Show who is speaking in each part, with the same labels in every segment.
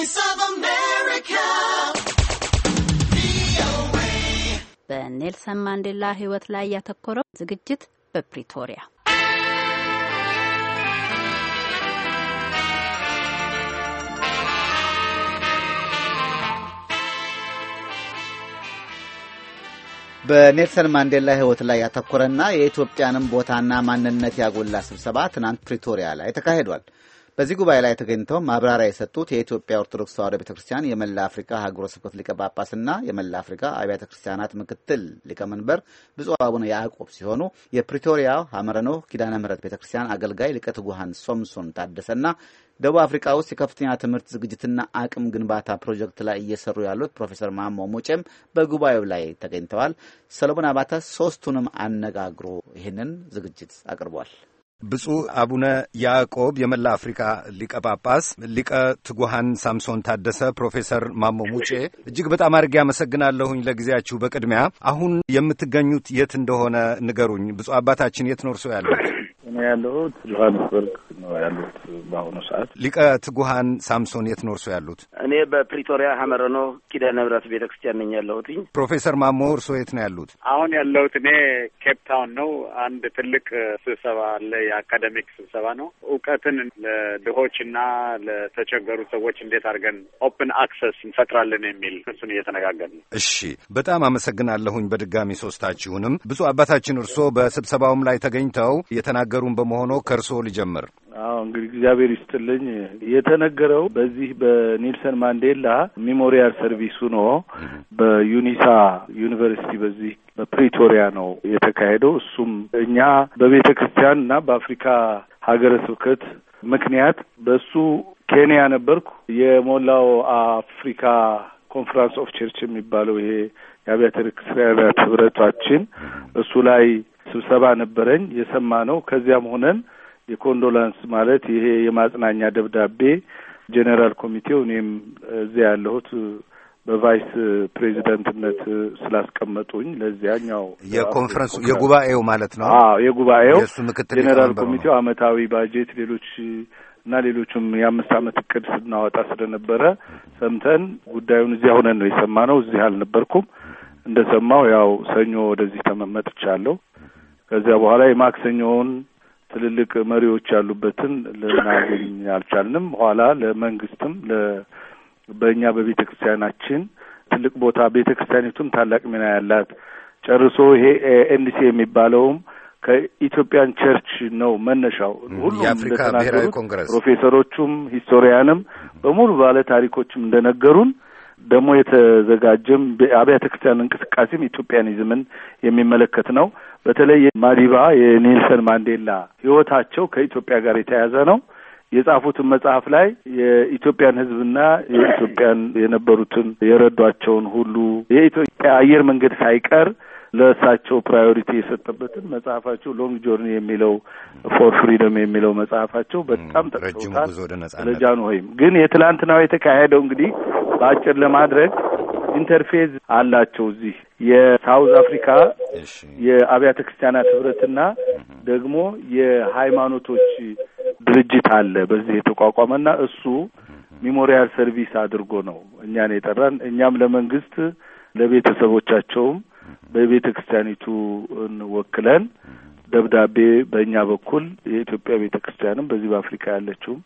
Speaker 1: Voice of America. በኔልሰን ማንዴላ ሕይወት ላይ ያተኮረው ዝግጅት በፕሪቶሪያ በኔልሰን ማንዴላ ሕይወት ላይ ያተኮረና የኢትዮጵያንም ቦታና ማንነት ያጎላ ስብሰባ ትናንት ፕሪቶሪያ ላይ ተካሂዷል። በዚህ ጉባኤ ላይ ተገኝተው ማብራሪያ የሰጡት የኢትዮጵያ ኦርቶዶክስ ተዋሕዶ ቤተ ክርስቲያን የመላ አፍሪካ ሀገረ ስብከት ሊቀ ጳጳስና የመላ አፍሪካ አብያተ ክርስቲያናት ምክትል ሊቀመንበር ብፁዕ አቡነ ያዕቆብ ሲሆኑ የፕሪቶሪያ ሀመረኖ ኪዳነ ምሕረት ቤተ ክርስቲያን አገልጋይ ሊቀ ትጉሃን ሶምሶን ታደሰና ደቡብ አፍሪካ ውስጥ የከፍተኛ ትምህርት ዝግጅትና አቅም ግንባታ ፕሮጀክት ላይ እየሰሩ ያሉት ፕሮፌሰር ማሞ ሙጬም በጉባኤው ላይ
Speaker 2: ተገኝተዋል። ሰለሞን አባተ ሶስቱንም አነጋግሮ ይህንን ዝግጅት አቅርቧል። ብፁዕ አቡነ ያዕቆብ የመላ አፍሪካ ሊቀ ጳጳስ፣ ሊቀ ትጉሃን ሳምሶን ታደሰ፣ ፕሮፌሰር ማሞ ሙጬ እጅግ በጣም አድርጌ አመሰግናለሁኝ ለጊዜያችሁ። በቅድሚያ አሁን የምትገኙት የት እንደሆነ ንገሩኝ። ብፁዕ አባታችን የት ነው እርሶ ያለሁት? እኔ ያለሁት ነው ያሉት። በአሁኑ ሰዓት ሊቀ ትጉሃን ሳምሶን የት ነው እርሶ ያሉት?
Speaker 1: እኔ በፕሪቶሪያ ሀመረኖ ኪዳነ ምሕረት ቤተ ክርስቲያን ነኝ ያለሁትኝ።
Speaker 2: ፕሮፌሰር ማሞ እርሶ የት ነው ያሉት?
Speaker 1: አሁን ያለሁት እኔ ኬፕ ታውን ነው። አንድ ትልቅ ስብሰባ
Speaker 2: አለ፣
Speaker 3: የአካደሚክ ስብሰባ ነው። እውቀትን ለድሆች እና ለተቸገሩ ሰዎች እንዴት አድርገን ኦፕን አክሰስ እንፈጥራለን የሚል እሱን እየተነጋገርን ነው።
Speaker 2: እሺ፣ በጣም አመሰግናለሁኝ በድጋሚ ሶስታችሁንም። ብፁዕ አባታችን እርሶ በስብሰባውም ላይ ተገኝተው የተናገሩን በመሆኑ ከእርሶ ልጀምር።
Speaker 4: አዎ እንግዲህ እግዚአብሔር ይስጥልኝ። የተነገረው በዚህ በኔልሰን ማንዴላ ሚሞሪያል ሰርቪሱ ነው በዩኒሳ ዩኒቨርሲቲ በዚህ በፕሪቶሪያ ነው የተካሄደው። እሱም እኛ በቤተ ክርስቲያን እና በአፍሪካ ሀገረ ስብከት ምክንያት በሱ ኬንያ ነበርኩ። የሞላው አፍሪካ ኮንፈረንስ ኦፍ ቸርች የሚባለው ይሄ የአብያተ ክርስቲያናት ህብረቷችን እሱ ላይ ስብሰባ ነበረኝ የሰማ ነው። ከዚያም ሆነን የኮንዶላንስ ማለት ይሄ የማጽናኛ ደብዳቤ ጄኔራል ኮሚቴው እኔም እዚያ ያለሁት በቫይስ ፕሬዚደንትነት ስላስቀመጡኝ ለዚያኛው የኮንፈረንሱ የጉባኤው ማለት ነው። አዎ የጉባኤው የእሱ ምክትል ጄኔራል ኮሚቴው አመታዊ ባጀት ሌሎች እና ሌሎቹም የአምስት አመት እቅድ ስናወጣ ስለነበረ ሰምተን ጉዳዩን እዚያ ሆነን ነው የሰማነው። እዚህ አልነበርኩም። እንደ ሰማው ያው ሰኞ ወደዚህ ተመመጥቻለሁ። ከዚያ በኋላ የማክሰኞውን ትልልቅ መሪዎች ያሉበትን ልናገኝ አልቻልንም። ኋላ ለመንግስትም በእኛ በቤተ ክርስቲያናችን ትልቅ ቦታ ቤተ ክርስቲያኒቱም ታላቅ ሚና ያላት ጨርሶ ይሄ ኤንሲ የሚባለውም ከኢትዮጵያን ቸርች ነው መነሻው። ሁሉም እንደተናገሩት ፕሮፌሰሮቹም ሂስቶሪያንም በሙሉ ባለ ታሪኮችም እንደነገሩን ደግሞ የተዘጋጀም አብያተ ክርስቲያን እንቅስቃሴም ኢትዮጵያኒዝምን የሚመለከት ነው። በተለይ ማዲባ የኔልሰን ማንዴላ ህይወታቸው ከኢትዮጵያ ጋር የተያያዘ ነው። የጻፉትን መጽሐፍ ላይ የኢትዮጵያን ህዝብና የኢትዮጵያን የነበሩትን የረዷቸውን ሁሉ የኢትዮጵያ አየር መንገድ ሳይቀር ለእሳቸው ፕራዮሪቲ የሰጠበትን መጽሐፋቸው ሎንግ ጆርኒ የሚለው ፎር ፍሪደም የሚለው መጽሐፋቸው በጣም
Speaker 2: ጠቅሰውታል።
Speaker 4: ወይም ግን የትላንትናው የተካሄደው እንግዲህ በአጭር ለማድረግ ኢንተርፌዝ አላቸው እዚህ የሳውዝ አፍሪካ የአብያተ ክርስቲያናት ህብረትና ደግሞ የሃይማኖቶች ድርጅት አለ በዚህ የተቋቋመና እሱ ሚሞሪያል ሰርቪስ አድርጎ ነው እኛን የጠራን። እኛም ለመንግስት ለቤተሰቦቻቸውም በቤተ ክርስቲያኒቱ እንወክለን ደብዳቤ በእኛ በኩል የኢትዮጵያ ቤተ ክርስቲያንም በዚህ በአፍሪካ ያለችውም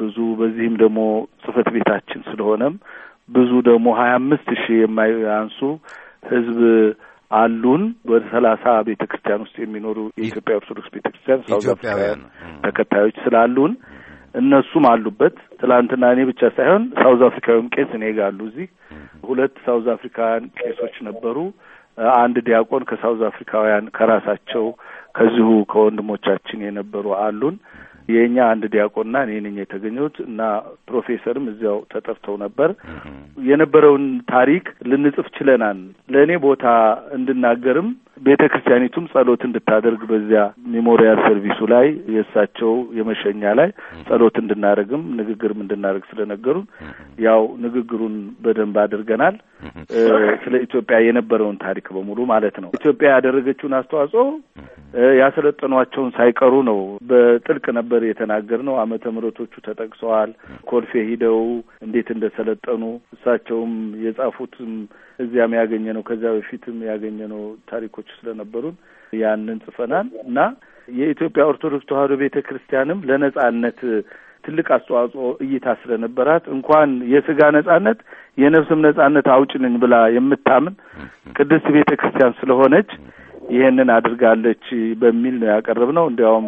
Speaker 4: ብዙ በዚህም ደግሞ ጽህፈት ቤታችን ስለሆነም ብዙ ደግሞ ሀያ አምስት ሺህ የማያንሱ ህዝብ አሉን። ወደ ሰላሳ ቤተ ክርስቲያን ውስጥ የሚኖሩ የኢትዮጵያ ኦርቶዶክስ ቤተ ክርስቲያን ሳውዝ አፍሪካውያን ተከታዮች ስላሉን እነሱም አሉበት። ትላንትና እኔ ብቻ ሳይሆን ሳውዝ አፍሪካዊም ቄስ እኔ ጋር አሉ። እዚህ ሁለት ሳውዝ አፍሪካውያን ቄሶች ነበሩ። አንድ ዲያቆን ከሳውዝ አፍሪካውያን ከራሳቸው ከዚሁ ከወንድሞቻችን የነበሩ አሉን። የእኛ አንድ ዲያቆንና እኔ ነኝ የተገኘሁት እና ፕሮፌሰርም እዚያው ተጠርተው ነበር። የነበረውን ታሪክ ልንጽፍ ችለናል። ለእኔ ቦታ እንድናገርም ቤተ ክርስቲያኒቱም ጸሎት እንድታደርግ በዚያ ሜሞሪያል ሰርቪሱ ላይ የእሳቸው የመሸኛ ላይ ጸሎት እንድናደርግም ንግግርም እንድናደርግ ስለነገሩን ያው ንግግሩን በደንብ አድርገናል። ስለ ኢትዮጵያ የነበረውን ታሪክ በሙሉ ማለት ነው። ኢትዮጵያ ያደረገችውን አስተዋጽኦ ያሰለጠኗቸውን ሳይቀሩ ነው በጥልቅ ነበር የተናገር ነው። አመተ ምህረቶቹ ተጠቅሰዋል። ኮልፌ ሂደው እንዴት እንደሰለጠኑ እሳቸውም የጻፉትም እዚያም ያገኘ ነው ከዚያ በፊትም ያገኘ ነው ታሪኮች ስለነበሩን ያንን ጽፈናል እና የኢትዮጵያ ኦርቶዶክስ ተዋህዶ ቤተ ክርስቲያንም ለነጻነት ትልቅ አስተዋጽኦ እይታ ስለነበራት እንኳን የስጋ ነጻነት የነፍስም ነጻነት አውጭንኝ ብላ የምታምን ቅድስት ቤተ ክርስቲያን ስለሆነች ይሄንን አድርጋለች በሚል ነው ነው። እንዲያውም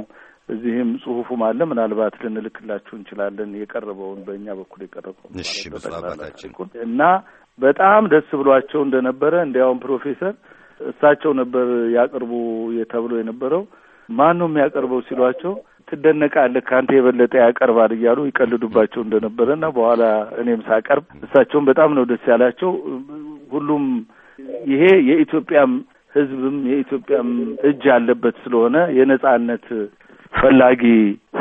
Speaker 4: እዚህም ጽሁፉም አለ። ምናልባት ልንልክላችሁ እንችላለን የቀረበውን በእኛ በኩል የቀረበው እና በጣም ደስ ብሏቸው እንደነበረ እንዲያውም ፕሮፌሰር እሳቸው ነበር ያቅርቡ ተብሎ የነበረው ማን ነው የሚያቀርበው ሲሏቸው ትደነቃለህ፣ ከአንተ የበለጠ ያቀርባል እያሉ ይቀልዱባቸው እንደነበረ እና በኋላ እኔም ሳቀርብ እሳቸውም በጣም ነው ደስ ያላቸው። ሁሉም ይሄ የኢትዮጵያም ህዝብም የኢትዮጵያም እጅ ያለበት ስለሆነ የነጻነት ፈላጊ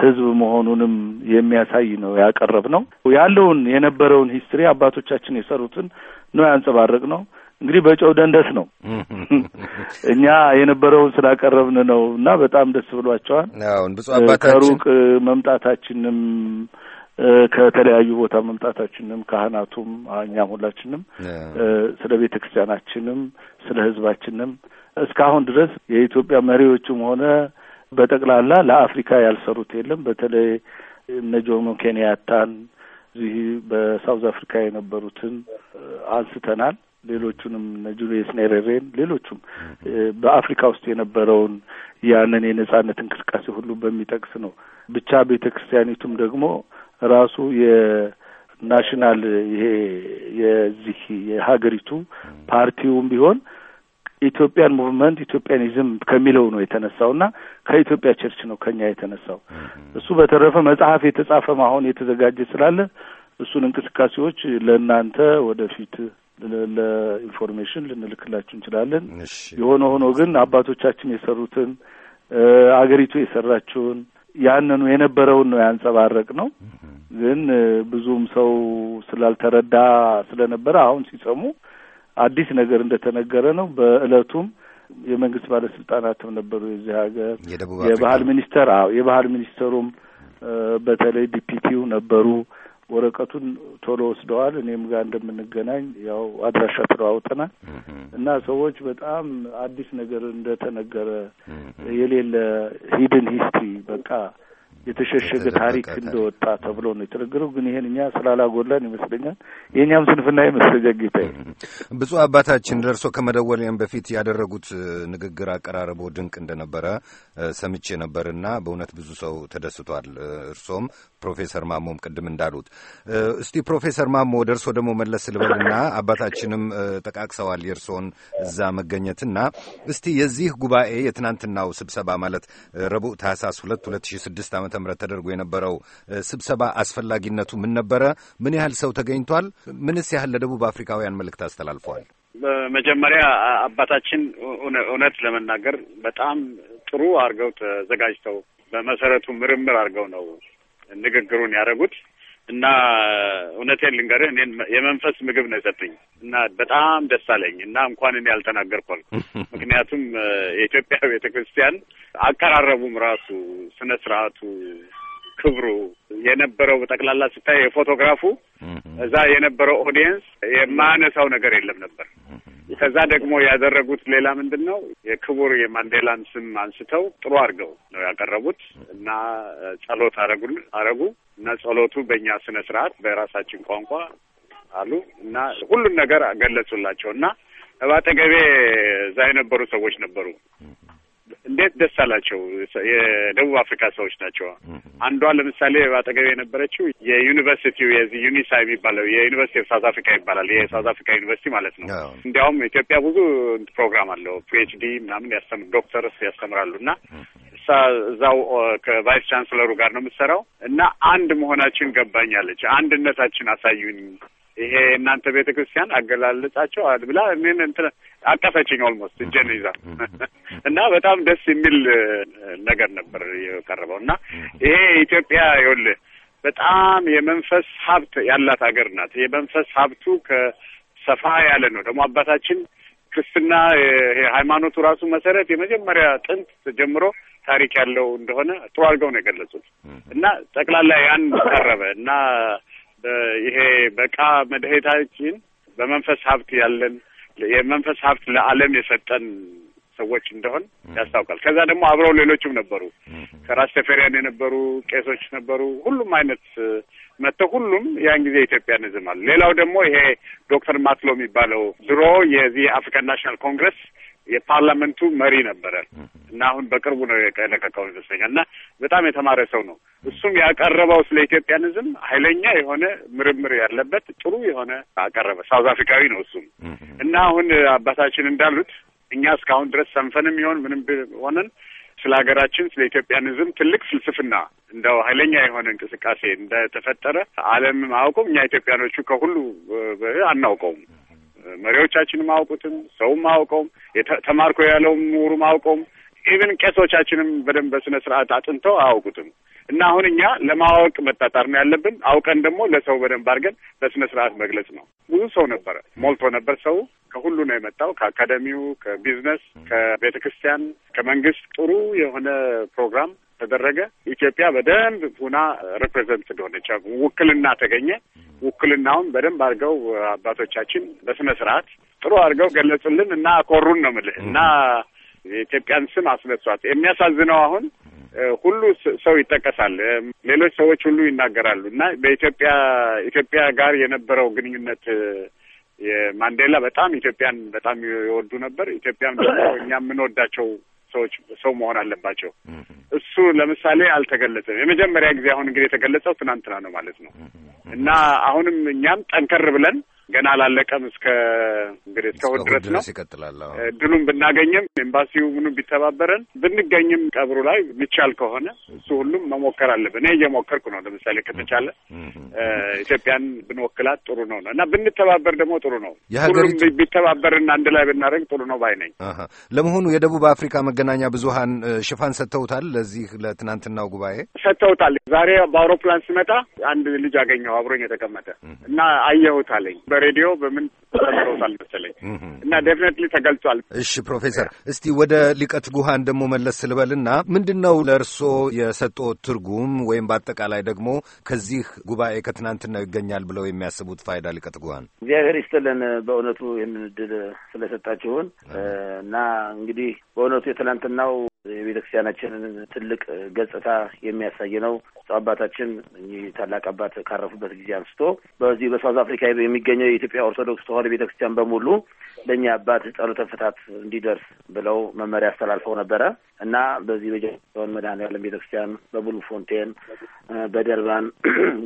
Speaker 4: ህዝብ መሆኑንም የሚያሳይ ነው ያቀረብ ነው። ያለውን የነበረውን ሂስትሪ አባቶቻችን የሰሩትን ነው ያንጸባረቅ ነው። እንግዲህ በጨው ደንደስ ነው።
Speaker 2: እኛ
Speaker 4: የነበረውን ስላቀረብን ነው እና በጣም ደስ ብሏቸዋል።
Speaker 2: አሁን ብፁዕ አባታችን ከሩቅ
Speaker 4: መምጣታችንም ከተለያዩ ቦታ መምጣታችንም ካህናቱም እኛም ሁላችንም ስለ ቤተ ክርስቲያናችንም ስለ ሕዝባችንም እስካሁን ድረስ የኢትዮጵያ መሪዎችም ሆነ በጠቅላላ ለአፍሪካ ያልሰሩት የለም። በተለይ እነ ጆሞ ኬንያታን እዚህ በሳውዝ አፍሪካ የነበሩትን አንስተናል። ሌሎቹንም እነ ጁልየስ ኔሬሬን ሌሎቹም በአፍሪካ ውስጥ የነበረውን ያንን የነጻነት እንቅስቃሴ ሁሉ በሚጠቅስ ነው። ብቻ ቤተ ክርስቲያኒቱም ደግሞ ራሱ የናሽናል ይሄ የዚህ የሀገሪቱ ፓርቲውም ቢሆን ኢትዮጵያን ሙቭመንት ኢትዮጵያኒዝም ከሚለው ነው የተነሳውና ከኢትዮጵያ ቸርች ነው ከኛ የተነሳው። እሱ በተረፈ መጽሐፍ የተጻፈ አሁን የተዘጋጀ ስላለ እሱን እንቅስቃሴዎች ለእናንተ ወደፊት ለኢንፎርሜሽን ልንልክላችሁ እንችላለን። የሆነ ሆኖ ግን አባቶቻችን የሰሩትን አገሪቱ የሰራችውን ያንኑ የነበረውን ነው ያንጸባረቅ ነው። ግን ብዙም ሰው ስላልተረዳ ስለነበረ አሁን ሲሰሙ አዲስ ነገር እንደተነገረ ነው። በእለቱም የመንግስት ባለስልጣናትም ነበሩ የዚህ ሀገር የባህል ሚኒስተር አዎ የባህል ሚኒስተሩም በተለይ ዲፒቲው ነበሩ። ወረቀቱን ቶሎ ወስደዋል። እኔም ጋር እንደምንገናኝ ያው አድራሻ ተለዋውጠናል እና ሰዎች በጣም አዲስ ነገር እንደተነገረ የሌለ ሂድን ሂስትሪ በቃ የተሸሸገ ታሪክ እንደወጣ ተብሎ ነው የተነገረው። ግን ይሄን እኛ ስላላጎላን ይመስለኛል የእኛም ስንፍና ይመስለኛል። ጌታ
Speaker 2: ብፁዕ አባታችን ደርሶ ከመደወሌም በፊት ያደረጉት ንግግር አቀራረቦ ድንቅ እንደነበረ ሰምቼ ነበርና በእውነት ብዙ ሰው ተደስቷል። እርሶም ፕሮፌሰር ማሞም ቅድም እንዳሉት እስቲ ፕሮፌሰር ማሞ ወደ እርሶ ደግሞ መለስ ልበልና አባታችንም ጠቃቅሰዋል የእርሶን እዛ መገኘትና እስቲ የዚህ ጉባኤ የትናንትናው ስብሰባ ማለት ረቡዕ ታህሳስ ሁለት ሁለት ሺ ስድስት ዓመተ ዓ ም ተደርጎ የነበረው ስብሰባ አስፈላጊነቱ ምን ነበረ? ምን ያህል ሰው ተገኝቷል? ምንስ ያህል ለደቡብ አፍሪካውያን መልእክት አስተላልፈዋል?
Speaker 3: በመጀመሪያ አባታችን እውነት ለመናገር በጣም ጥሩ አድርገው ተዘጋጅተው በመሰረቱ ምርምር አድርገው ነው ንግግሩን ያደረጉት። እና እውነቴን ልንገርህ እኔን የመንፈስ ምግብ ነው የሰጠኝ እና በጣም ደስ አለኝ እና እንኳን እኔ ያልተናገርኳል።
Speaker 4: ምክንያቱም
Speaker 3: የኢትዮጵያ ቤተ ክርስቲያን አቀራረቡም ራሱ ስነ ስርዓቱ ክብሩ የነበረው በጠቅላላ ስታይ የፎቶግራፉ እዛ የነበረው ኦዲየንስ የማያነሳው ነገር የለም ነበር። ከዛ ደግሞ ያደረጉት ሌላ ምንድን ነው የክቡር የማንዴላን ስም አንስተው ጥሩ አድርገው ነው ያቀረቡት እና ጸሎት አረጉ አረጉ እና ጸሎቱ በእኛ ስነ ስርዓት በራሳችን ቋንቋ አሉ እና ሁሉን ነገር ገለጹላቸው እና በአጠገቤ እዛ የነበሩ ሰዎች ነበሩ እንዴት ደስ አላቸው። የደቡብ አፍሪካ ሰዎች ናቸው። አንዷ ለምሳሌ በአጠገብ የነበረችው የዩኒቨርሲቲው የዚህ ዩኒሳ የሚባለው የዩኒቨርሲቲ ኦፍ ሳውዝ አፍሪካ ይባላል። የሳውዝ አፍሪካ ዩኒቨርሲቲ ማለት ነው። እንዲያውም ኢትዮጵያ ብዙ ፕሮግራም አለው። ፒኤችዲ ምናምን ያስተምር ዶክተርስ ያስተምራሉ እና እዛው ከቫይስ ቻንስለሩ ጋር ነው የምትሰራው እና አንድ መሆናችን ገባኛለች። አንድነታችን አሳዩኝ ይሄ እናንተ ቤተ ክርስቲያን አገላለጻቸው ብላ እኔን እንትን አቀፈችኝ ኦልሞስት እጄን ይዛ እና በጣም ደስ የሚል ነገር ነበር የቀረበው እና ይሄ ኢትዮጵያ ይኸውልህ በጣም የመንፈስ ሀብት ያላት ሀገር ናት። የመንፈስ ሀብቱ ከሰፋ ያለ ነው። ደግሞ አባታችን ክርስትና የሃይማኖቱ ራሱ መሰረት የመጀመሪያ ጥንት ጀምሮ ታሪክ ያለው እንደሆነ ጥሩ አድርገው ነው የገለጹት እና ጠቅላላ ያን ቀረበ እና ይሄ በቃ መድኃኒታችን በመንፈስ ሀብት ያለን የመንፈስ ሀብት ለዓለም የሰጠን ሰዎች እንደሆን ያስታውቃል። ከዛ ደግሞ አብረው ሌሎችም ነበሩ፣ ከራስ ተፈሪያን የነበሩ ቄሶች ነበሩ። ሁሉም አይነት መጥተው ሁሉም ያን ጊዜ ኢትዮጵያን ይዝማል። ሌላው ደግሞ ይሄ ዶክተር ማትሎ የሚባለው ድሮ የዚህ የአፍሪካን ናሽናል ኮንግረስ የፓርላመንቱ መሪ ነበረ እና አሁን በቅርቡ ነው የለቀቀው ይመስለኛል። እና በጣም የተማረ ሰው ነው። እሱም ያቀረበው ስለ ኢትዮጵያንዝም ኃይለኛ የሆነ ምርምር ያለበት ጥሩ የሆነ አቀረበ። ሳውዝ አፍሪካዊ ነው እሱም እና አሁን አባታችን እንዳሉት እኛ እስካሁን ድረስ ሰንፈንም ይሆን ምንም ሆነን ስለ ሀገራችን ስለ ኢትዮጵያንዝም ትልቅ ፍልስፍና እንደው ኃይለኛ የሆነ እንቅስቃሴ እንደተፈጠረ ዓለም አያውቁም። እኛ ኢትዮጵያኖቹ ከሁሉ አናውቀውም። መሪዎቻችንም አያውቁትም፣ ሰውም አያውቀውም፣ ተማርኮ ያለውም ምሁሩም አያውቀውም። ኢቨን ቄሶቻችንም በደንብ በስነ ስርዓት አጥንተው አያውቁትም። እና አሁን እኛ ለማወቅ መጣጣር ነው ያለብን። አውቀን ደግሞ ለሰው በደንብ አድርገን በስነ ስርዓት መግለጽ ነው። ብዙ ሰው ነበረ፣ ሞልቶ ነበር ሰው ከሁሉ ነው የመጣው። ከአካደሚው፣ ከቢዝነስ፣ ከቤተ ክርስቲያን፣ ከመንግስት ጥሩ የሆነ ፕሮግራም ተደረገ። ኢትዮጵያ በደንብ ሁና ሪፕሬዘንት እንደሆነች ውክልና ተገኘ። ውክልናውን በደንብ አድርገው አባቶቻችን በስነ ስርዓት ጥሩ አድርገው ገለጹልን እና ኮሩን ነው የምልህ እና የኢትዮጵያን ስም አስነሷት። የሚያሳዝነው አሁን ሁሉ ሰው ይጠቀሳል፣ ሌሎች ሰዎች ሁሉ ይናገራሉ እና በኢትዮጵያ ኢትዮጵያ ጋር የነበረው ግንኙነት ማንዴላ በጣም ኢትዮጵያን በጣም የወዱ ነበር። ኢትዮጵያም ደግሞ እኛ የምንወዳቸው ሰዎች ሰው መሆን አለባቸው። እሱ ለምሳሌ አልተገለጸም። የመጀመሪያ ጊዜ አሁን እንግዲህ የተገለጸው ትናንትና ነው ማለት ነው እና አሁንም እኛም ጠንከር ብለን ገና አላለቀም። እስከ እንግዲህ እስከ እሑድ ድረስ ነው ይቀጥላል። እድሉን ብናገኝም ኤምባሲው ምኑ ቢተባበረን ብንገኝም ቀብሩ ላይ ሚቻል ከሆነ እሱ ሁሉም መሞከር አለብን። እኔ እየሞከርኩ ነው። ለምሳሌ ከተቻለ ኢትዮጵያን ብንወክላት ጥሩ ነው ነው እና ብንተባበር ደግሞ ጥሩ ነው። ሁሉም ቢተባበርና አንድ ላይ ብናደርግ ጥሩ ነው ባይ ነኝ።
Speaker 2: ለመሆኑ የደቡብ አፍሪካ መገናኛ ብዙሀን ሽፋን ሰጥተውታል? ለዚህ ለትናንትናው ጉባኤ
Speaker 3: ሰጥተውታል። ዛሬ በአውሮፕላን ስመጣ አንድ ልጅ አገኘው አብሮኝ የተቀመጠ እና አየሁት አለኝ በሬዲዮ በምን ተሰምረውታል መሰለኝ እና ዴፍኔትሊ ተገልጿል። እሺ
Speaker 2: ፕሮፌሰር፣ እስቲ ወደ ሊቀት ጉሃን ደግሞ መለስ ስልበልና ምንድን ነው ለእርስዎ የሰጦ ትርጉም ወይም በአጠቃላይ ደግሞ ከዚህ ጉባኤ ከትናንትናው ይገኛል ብለው የሚያስቡት ፋይዳ? ሊቀት ጉሃን
Speaker 1: እግዚአብሔር ይስጥልን በእውነቱ የምንድል ስለሰጣችሁን እና እንግዲህ በእውነቱ የትናንትናው የቤተክርስቲያናችንን ትልቅ ገጽታ የሚያሳይ ነው። አባታችን እኚህ ታላቅ አባት ካረፉበት ጊዜ አንስቶ በዚህ በሳውዝ አፍሪካ የሚገኘው የኢትዮጵያ ኦርቶዶክስ ተዋሕዶ ቤተክርስቲያን በሙሉ ለእኛ አባት ጸሎተ ፍታት እንዲደርስ ብለው መመሪያ አስተላልፈው ነበረ እና በዚህ በጃን መድኃኔዓለም ቤተክርስቲያን፣ በብሉ ፎንቴን፣ በደርባን፣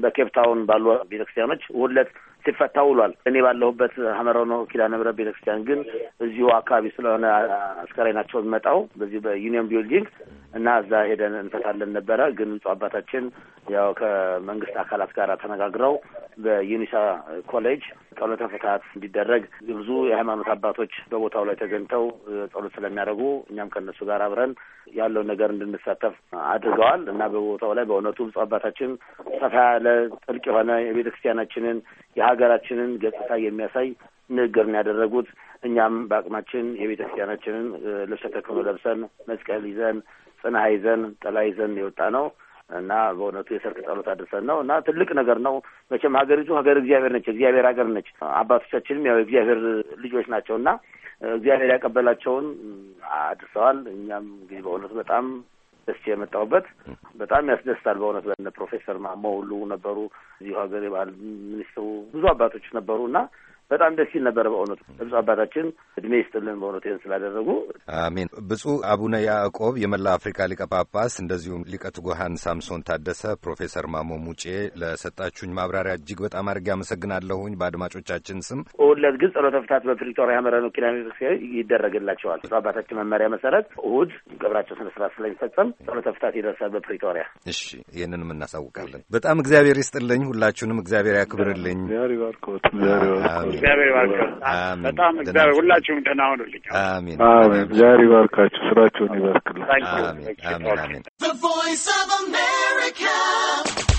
Speaker 1: በኬፕታውን ባሉ ቤተክርስቲያኖች ሁለት ሲፈታ ውሏል። እኔ ባለሁበት ሀመረ ኪዳነ ምሕረት ቤተክርስቲያን ግን እዚሁ አካባቢ ስለሆነ ናቸው የሚመጣው በዚህ በዩኒየን ቢልዲንግ እና እዛ ሄደን እንፈታለን ነበረ። ግን ንጹ አባታችን ያው ከመንግስት አካላት ጋር ተነጋግረው በዩኒሳ ኮሌጅ ጸሎተ ፍትሐት እንዲደረግ ብዙ የሃይማኖት አባቶች በቦታው ላይ ተገኝተው ጸሎት ስለሚያደርጉ እኛም ከእነሱ ጋር አብረን ያለውን ነገር እንድንሳተፍ አድርገዋል እና በቦታው ላይ በእውነቱ ብፁዕ አባታችን ሰፋ ያለ ጥልቅ የሆነ የቤተክርስቲያናችንን የሀገራችንን ገጽታ የሚያሳይ ንግግር ነው ያደረጉት። እኛም በአቅማችን የቤተ ክርስቲያናችንን ልብሰ ተክህኖ ለብሰን መስቀል ይዘን ጽናሀ ይዘን ጥላ ይዘን የወጣ ነው እና በእውነቱ የሰርክ ጸሎት አድርሰን ነው እና ትልቅ ነገር ነው። መቼም ሀገሪቱ ሀገር እግዚአብሔር ነች፣ እግዚአብሔር ሀገር ነች። አባቶቻችንም ያው የእግዚአብሔር ልጆች ናቸው እና እግዚአብሔር ያቀበላቸውን አድርሰዋል። እኛም እንግዲህ በእውነቱ በጣም ደስ የመጣሁበት በጣም ያስደስታል። በእውነት በነ ፕሮፌሰር ማሞ ሁሉ ነበሩ እዚሁ ሀገር የባህል ሚኒስትሩ ብዙ አባቶች ነበሩ እና በጣም ደስ ይል ነበር በእውነቱ ብፁዕ አባታችን እድሜ ይስጥልን በእውነቱ ይህን ስላደረጉ
Speaker 2: አሜን። ብፁዕ አቡነ ያዕቆብ የመላ አፍሪካ ሊቀ ጳጳስ፣ እንደዚሁም ሊቀ ትጉሃን ሳምሶን ታደሰ፣ ፕሮፌሰር ማሞ ሙጬ ለሰጣችሁኝ ማብራሪያ እጅግ በጣም አድርጌ አመሰግናለሁኝ በአድማጮቻችን ስም።
Speaker 1: እሁድ ግን ጸሎተ ፍታት በፕሪቶሪያ መረኑ ኪዳነ ቤተክርስቲያን ይደረግላቸዋል። ብፁዕ አባታችን መመሪያ መሰረት እሁድ ቀብራቸው ስነ ስርዓት ስለሚፈጸም ጸሎተ ፍታት ይደርሳል በፕሪቶሪያ።
Speaker 2: እሺ ይህንንም እናሳውቃለን። በጣም እግዚአብሔር ይስጥልኝ። ሁላችሁንም እግዚአብሔር ያክብርልኝ። እግዚአብሔር ይባርካል። በጣም እግዚአብሔር ሁላችሁም ደህና ሆኑልኝ። አሜን
Speaker 4: አሜን። እግዚአብሔር ይባርካችሁ፣ ስራችሁን ይባርክልን።
Speaker 2: አሜን አሜን
Speaker 1: አሜን።